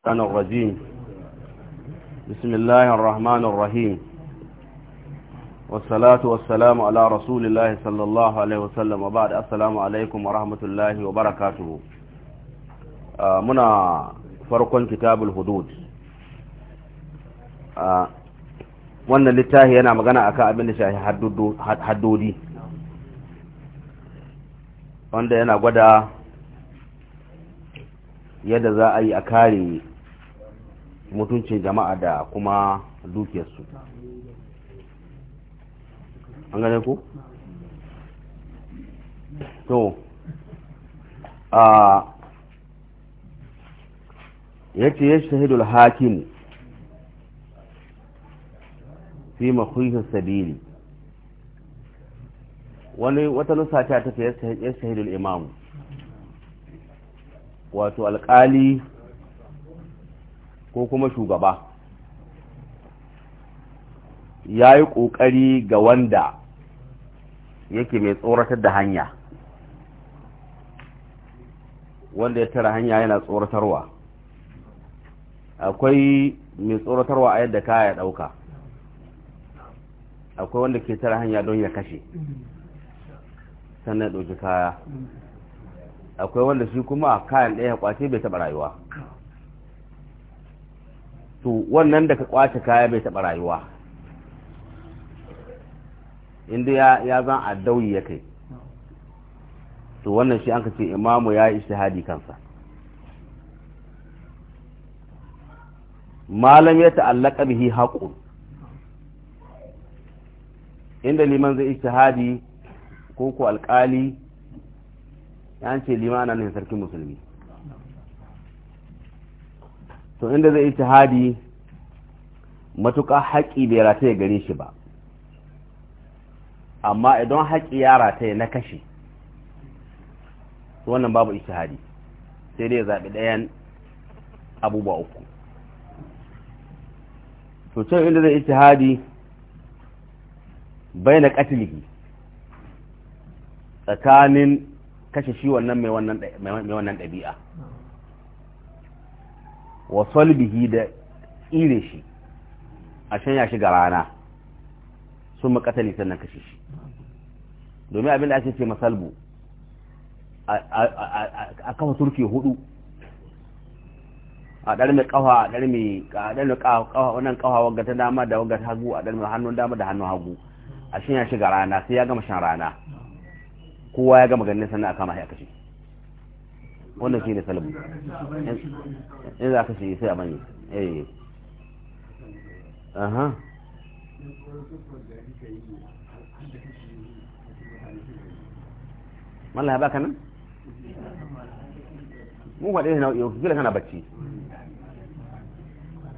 الشيطان الرجيم بسم الله الرحمن الرحيم والصلاة والسلام على رسول الله صلى الله عليه وسلم وبعد السلام عليكم ورحمة الله وبركاته منا فرق كتاب الحدود wannan littafi yana magana akan abin da shahi haddodi wanda yana gwada yadda za a yi a kare mutuncin jama'a da kuma dukiyarsu an gane ku? to a ya ce ya shahidul hakim fi makwihar sabili wani wata nusa ta tafi ya shahidul imamu wato alkali ko kuma shugaba ya yi ƙoƙari ga wanda yake mai tsoratar da hanya wanda ya tara hanya yana tsoratarwa akwai mai tsoratarwa a yadda kaya ɗauka akwai wanda ke tara hanya don ya kashe sannan ya ɗauki kaya akwai wanda shi kuma kayan ɗaya ya kwace bai taɓa rayuwa to wannan da ka kwace kaya bai taɓa rayuwa inda ya, ya zan addauyi ya kai to wannan shi an ka ce imamu ya yi hadi kansa malam ya ta'allaka bihi haƙun inda liman zai hadi ko ku alƙali ya ce ne sarkin musulmi to inda zai ijtihadi matuƙa haƙi bai rataye gare shi ba amma idan haƙi ya rataye na kashe wannan babu ijtihadi sai dai zaɓi ɗayan abubuwa uku to can inda zai ijtihadi bai na ƙatilihi tsakanin kashe shi wannan mai wannan ɗabi'a wa salbihi da tsire shi a shanya shi ga rana sun makatali sannan kashe shi domin abin da ake ce masalbu a kafa turke hudu a ɗar mai kawa a ɗar mai kawa wannan kawa wagga ta dama da wagga ta hagu a ɗar mai hannun dama da hannun hagu a shanya ya shiga rana sai ya gama shan rana kowa ya gama ganin sannan a kama shi a kashe wannan shi ne salimu? in za ka shi sai a mani eh aha ba baka nan mun faɗi na yau kila kana bacci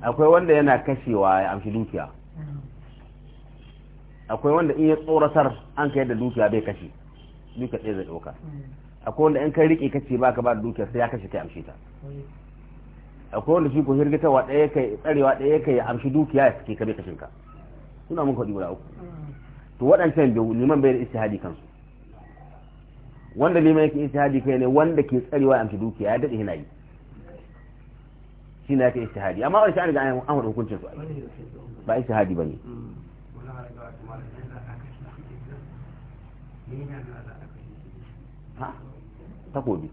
akwai wanda yana kashewa ya amshi dukiya akwai wanda in ya tsoratar an ka yadda dukiya bai kashe dukiya ɗaya zai ɗauka akwai wanda in kai rike kace ba ka ba da dukiya sai ya kashe kai amshi ta akwai wanda shi ko wa ɗaya kai tsarewa ɗaya kai ya amshi dukiya ya sake kabe kashin ka suna mun kwaɗi guda uku to waɗancan biyu liman bai da istihadi kansu wanda liman yake istihadi kai ne wanda ke tsarewa ya amshi dukiya ya daɗe yana yi shi na yake istihadi amma wani sha'ani ga an hada hukuncin su ba istihadi ba ne ha takobi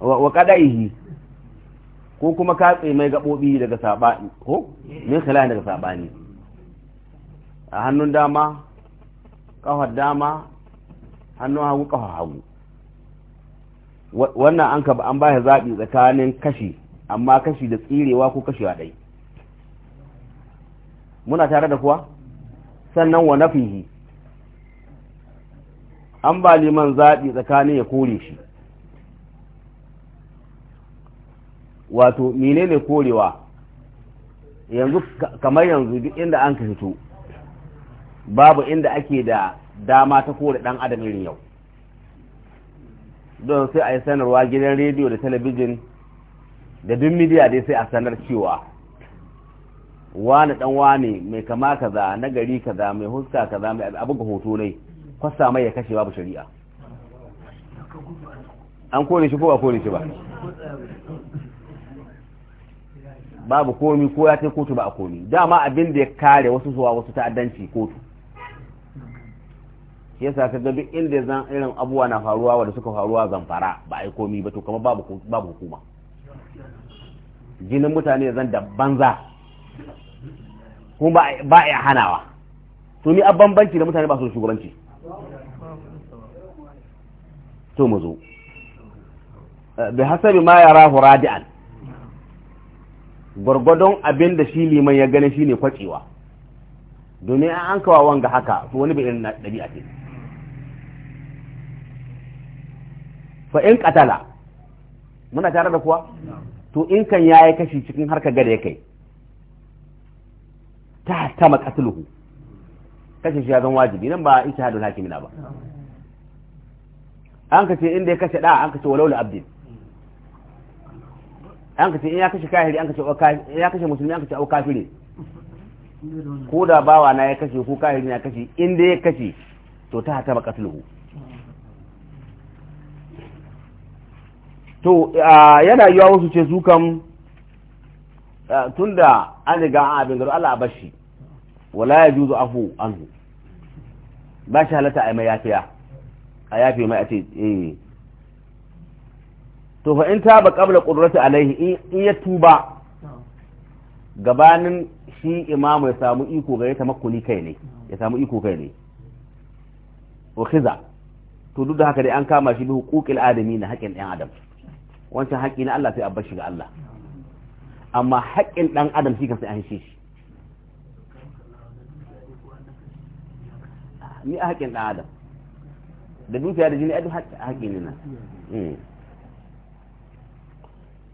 wa kadaihi ko kuma katse mai gabobi daga sabani ko min khilal daga sabani a hannun dama kafar dama hannun hagu kafar hagu wannan an ka an ba shi zaɓi tsakanin kashi amma kashi da tsirewa ko kashi a ɗai muna tare da kuwa sannan wa nafihi an ba liman zaɓi tsakanin ya kore shi wato menene korewa yanzu kamar yanzu duk inda an ka fito babu inda ake da dama ta kore ɗan adam irin yau don sai a yi sanarwa gidan rediyo da talabijin da duk midiya dai sai a sanar cewa wani ɗan wane mai kama kaza na gari kaza mai huska kaza mai abu ga hoto ne kwasa mai ya kashe babu shari'a an kone shi ko ba kone shi ba babu komi ko ya ta kotu ba a komi dama abin da ya kare wasu zuwa wasu ta'addanci kotu shi yasa ka ga duk inda zan irin abubuwa na faruwa wanda suka faruwa zamfara ba a yi komi ba to kamar babu babu hukuma jinin mutane zan da banza kuma ba a hanawa to ni a bambanci da mutane ba su shugabanci to mu zo bi hasabi ma gwargwadon abin da shi liman ya gani shine kwacewa domin an kawa wanga haka to wani bai irin dabi'a ce fa in qatala muna tare da kuwa to in kan ya yi kashi cikin harka gada ya kai ta ta maqatluhu kashe shi ya zan wajibi nan ba ijtihadul hakimi na ba an ce inda ya kashe da an ce walau abdin an ce in ya kashe kafiri an kace ya kashe musulmi an ce au kafiri ko da bawa na ya kashe ko kafiri na ya kashe inda ya kashe to ta hata bakatuluhu to yana yiwa wasu ce su kam tunda an riga an abin garo Allah a bashi wala ya juzu afu anhu ba shi halatta a mai yafiya a yafi mai a ce eh to fa in taba qabla qudrati alaihi in ya tuba gabanin shi imamu ya samu iko ga ya tamakkuli kai ne ya samu iko kai ne wa khiza to duk da haka dai an kama shi bi huquqil adami na haƙin ɗan adam wancan haƙi na Allah sai a bar shi ga Allah amma haƙin ɗan adam shi kan sai an shi shi ni a haƙin ɗan adam da dukiya da jini a duk haƙi ne hmm.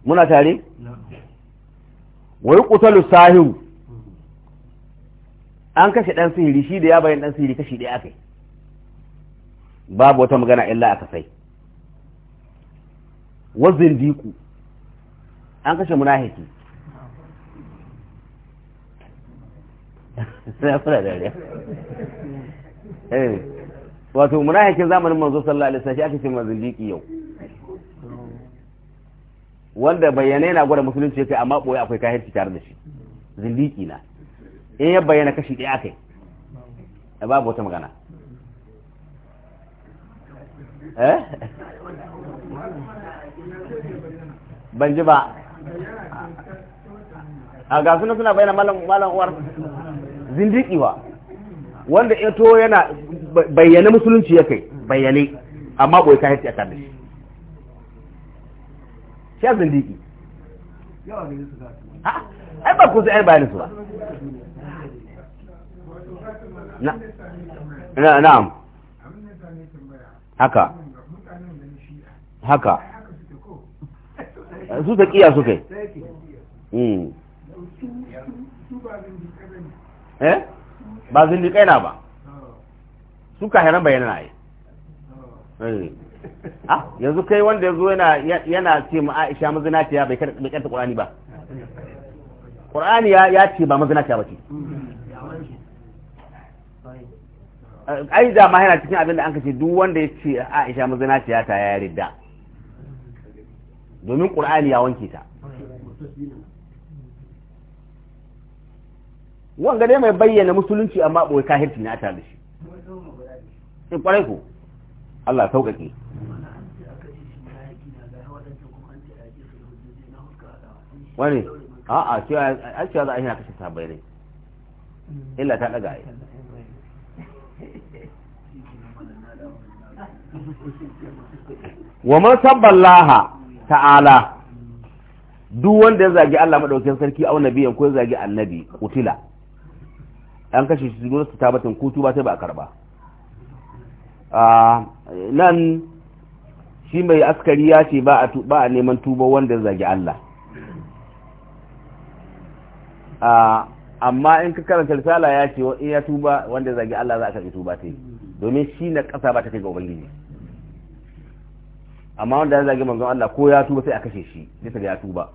muna tare wai kutalu sahiru an kashe ɗan sihiri shi da ya bayan ɗan sihiri kashi ɗaya aka yi babu wata magana illa aka sai wazin diku an kashe munahiki eh wato munafikin zamanin manzo sallallahu alaihi wasallam ake ce mazindiki yau wanda bayyana yana gwada musulunci yake amma boye akwai kahirci tare da shi zindiki na in ya bayyana kashi ɗaya akai babu wata magana eh ban ji ba a gasu suna bayyana malam uwar zindiki wa wanda ya to yana bayyane musulunci ya kai bayyane amma ɓoye kayan ta tare shi shi a zindiki ai ba ku sai ai bayanin su ba na haka haka su ta kiya su kai hmm. eh ba zindiƙai na ba su kahiran bayyana na yi eh. ah yanzu kai wanda yazo yana yana ce mu Aisha mazinaciya bai bai karanta Qur'ani ba Qur'ani ya ya ce ba mazinaciya ce eh, ai da ma yana cikin abin da an kace duk wanda ya ce Aisha mazinaciya ta ya yarda domin Qur'ani ya wanke ta wanga dai mai bayyana musulunci amma boye kahirci ne a tare da shi in eh, kwarai ko Allah sauƙaƙe wani a'a a cewa za a yi na kashe sabai ne illa ta ɗaga yi wa man sabballaha ta'ala duk wanda ya zagi Allah madaukakin sarki au nabiyan ko ya zagi annabi kutila an kashe shi zuwa su tabbatin kutu ba sai ba a karba nan shi mai askari ya ce ba a neman tuba wanda zagi Allah amma in ka karanta risala ya ce in ya tuba wanda zagi Allah za a karbi tuba ta yi domin shi na ƙasa ba ta kai ga ubangiji amma wanda ya zagi manzon Allah ko ya tuba sai a kashe shi nisa da ya tuba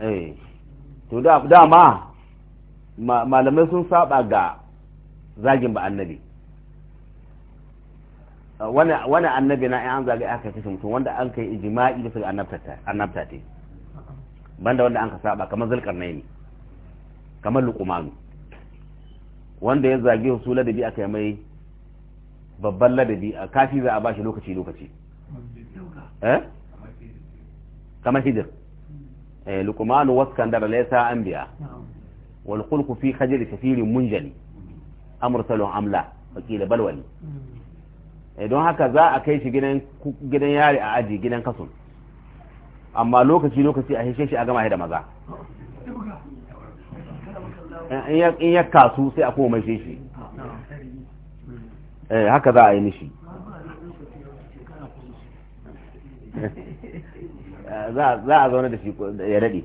eh to da dama malamai sun saba ga zagin ba annabi uh, wani annabi na an zagi aka kashe mutum wanda an kai ijima'i bisa ga annabta te banda wanda an ka saba kamar zulkarnai ne kamar lukumanu wanda ya zage su ladabi aka yi mai babban ladabi a kafi za a ba shi lokaci lokaci eh? kamar hidir eh, lukumanu wasu kandara laisa an biya والخلق في خجل كثير منجلي أمرسل أم لا وكيل don haka za a kai shi gidan yari a aji gidan kasun amma lokaci-lokaci a hishe shi a gama da maza eh, in ya kasu sai a koma mai shi eh, haka za a yi mishi eh, za a zaune da shi ya daɗe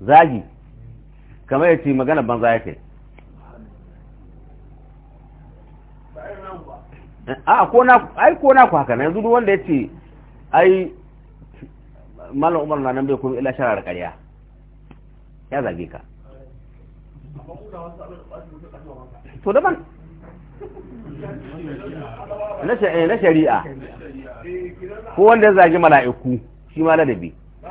zagi kamar yace magana banza yake a ko na ai ko na ku haka na yanzu duk wanda yace ai mallam Umar na nan bai kuma illa sharar ƙarya ya zage ka to daban na eh, shari'a ko wanda ya zage mala'iku shi ma ladabi eh?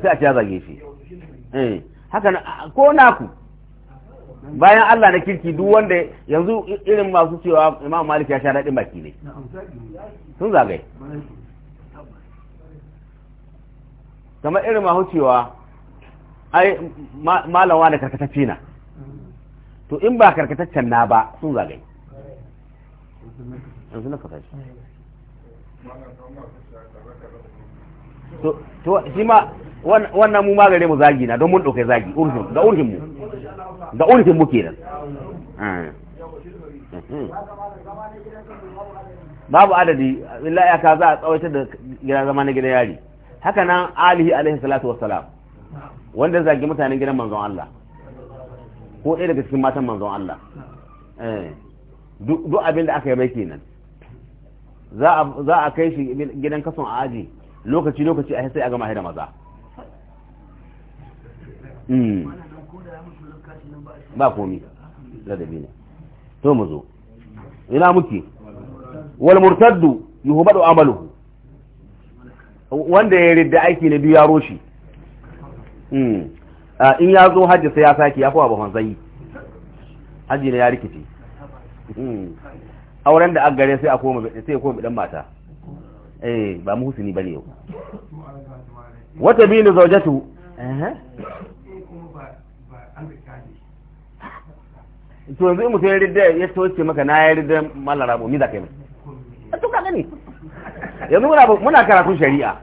sai a ce ya zage shi eh, eh, haka ko naku bayan Allah na kirki duk wanda yanzu irin masu cewa imam malik ya sha daɗin baki ne sun zagaye kamar irin masu cewa ai malawa da karkatacce na mm. to in ba karkataccen na ba sun zagaye yanzu to shi ma wannan mu magare mu zagi na don mun ɗauke zagi urhin ga urhin mu ga urhin mu kenan eh. babu adadi illa ya ka za a tsawaitar da gidan zama na gidan yari haka nan alihi alaihi salatu wassalam wanda zagi mutanen gidan manzon Allah ko ɗaya daga cikin matan manzon Allah eh duk abin da aka yi mai kenan za a kai shi gidan kason a aji lokaci lokaci a sai a gama da maza hmm. ba komi ladabi ne to mu zo ina muke wal murtaddu yuhbadu amaluhu wanda ya ridda aiki na biyu ya roshi hmm. ah, in ya zo hajji sai ya sake ya kowa ba fansayi hajji ne ya rikici. Hmm. auren da aggare sai a koma sai koma dan mata eh ba mu husuni bane yau wata ni zaujatu eh to yanzu in sai ya ridda ya toce maka na ya ridda mallara mu za kai yi to ka gani yanzu muna muna karatun shari'a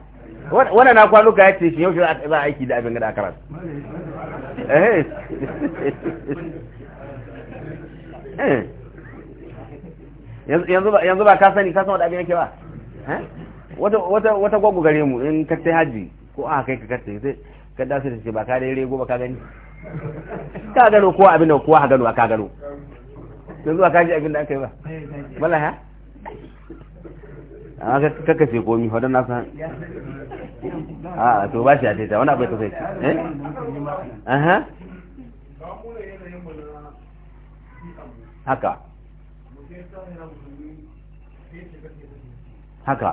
wannan na kwalo ka yace shi yau shi za a aiki da abin aka karatu eh yanzu ba ka sani ka san wani abin yake ba wata gwaggo gare mu in kattai hajji ko aka kai ka kattai sai ka da ce ba ka dai rego ba ka gani ka gano kowa abin da kowa ka gano ka gano yanzu ba ka ji abin da aka yi ba bala ha amma ka kace komi wadda na san a to ba shi a taita wani abu ya kasance eh haka haka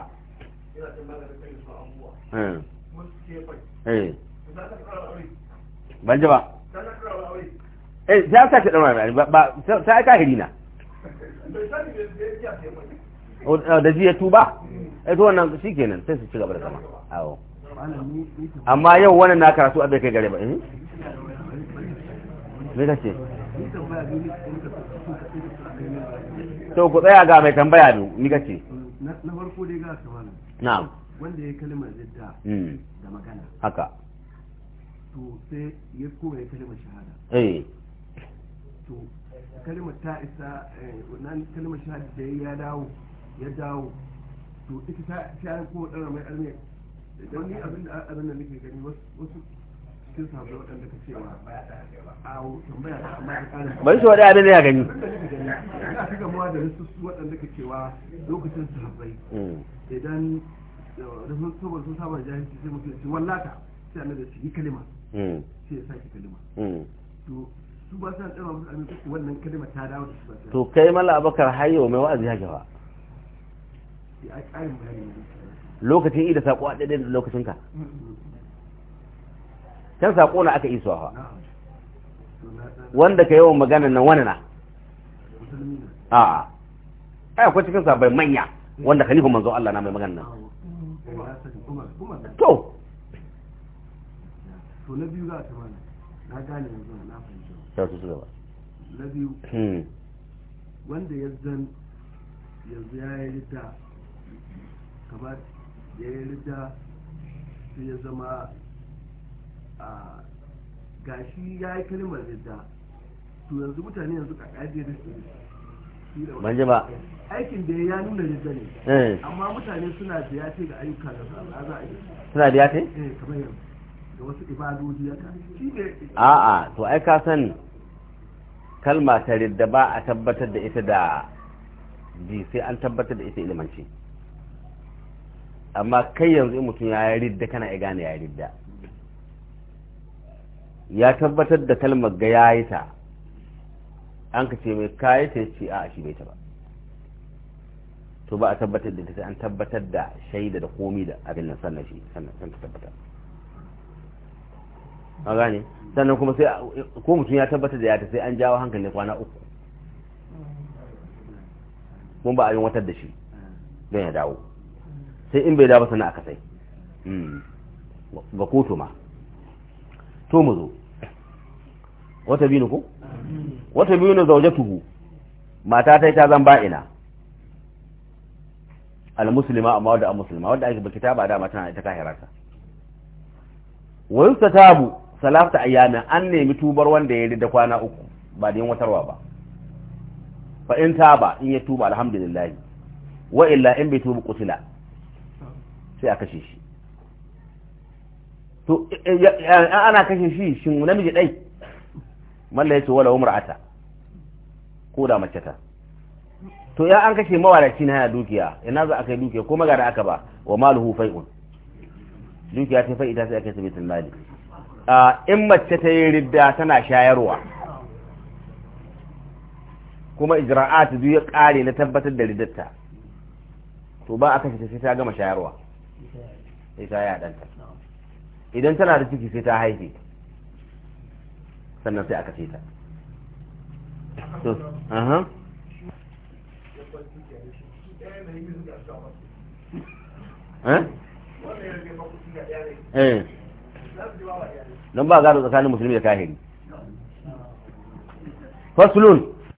eh. eh. ban ji ba eh ya sa ta dama ba ta aika na da ji ya tuba hmm. eh to wannan shikenan sai su ci gaba da zama amma yau wannan na karatu a kai gare ba eh? ne kace to ku tsaya ga mai tambaya ne ni kace na farko dai ga kamar na'am wanda ya kalmar zidda hmm. da magana haka to sai ya kuma ya kalmar shahada eh to kalmar ta isa eh, wannan kalmar shahada da ya dawo ya dawo to ita ta ta ko dan mai almi wani abin da abin da nake gani wasu ba su waɗanda da ya gani gamuwa da waɗanda ka cewa lokacin su haɓai hmm. idan da sun sobar sun saba jahilci sai mutum ce wallata sai annabi da shi kalima hmm. sai ya sake kalima hmm. to su ba sa tsara musu annabi su wannan kalima ta dawo da su ba to kai mala abakar hayo mai wa'azi ya gaba lokacin ida saƙo a daidai da lokacin ka can saƙo na aka iso hawa wanda ka yawan magana nan wani na a ai akwai cikin sabai manya wanda khalifa manzo Allah na mai magana to na biyu yanzu ya yi rita kamar ya yi rita ya zama gashi ya yi kalmar ridda to yanzu mutane yanzu ka kaje da su ban ji ba aikin da ya nuna ridda ne eh. amma mutane suna da ya ga ayyuka da za a yi suna da ya ce eh kamar yanzu da wasu ibadoji ya ka shi ne a'a to ai ka san kalma ta ridda ba a tabbatar da ita da ji sai an tabbatar da ita ilimanci amma kai yanzu in mutum ya yi ridda kana ya gane ya yi ridda ya tabbatar da kalmar ga ya yi ta an ka ce mai kayi ta ce a shi bai ta ba to ba a tabbatar da ta an tabbatar da shaida da komi da abin nan sannan shi sannan ta tabbata, a gane sannan kuma sai ko mutum ya tabbatar da ya ta sai an jawo hankali kwana uku kuma ba a yin watar da shi don ya dawo sai in bai dawo sannan aka sai hmm. ga kotu ma to mu zo wata ni ko wata ni zaujatuhu mata ta ta zan ba'ina al-muslima amma wadda al muslima wadda ake ba taba dama tana ita ta wayu tabu salafta ayyamin an nemi tubar wanda ya da kwana uku ba da yin watarwa ba fa in taba in ya tuba alhamdulillah wa illa in bai tuba qutila sai aka kashe shi to eh, ana kashe shi shin namiji dai malla yace wala umra'ata ko da mace ta to ya an kashe mawalaci na ya dukiya ina za a kai dukiya ko magana aka ba wa maluhu fai'un dukiya ta fa'ida sai aka sabita mali in mace ta yi ridda tana shayarwa kuma ijra'at duk ya kare na tabbatar da riddarta to ba aka shi ta sai ta gama shayarwa sai ta yi danta idan tana da ciki sai ta haife sannan sai aka ce ta to aha uh-huh. eh? eh. don ba gado tsakanin musulmi da kahiri fasulun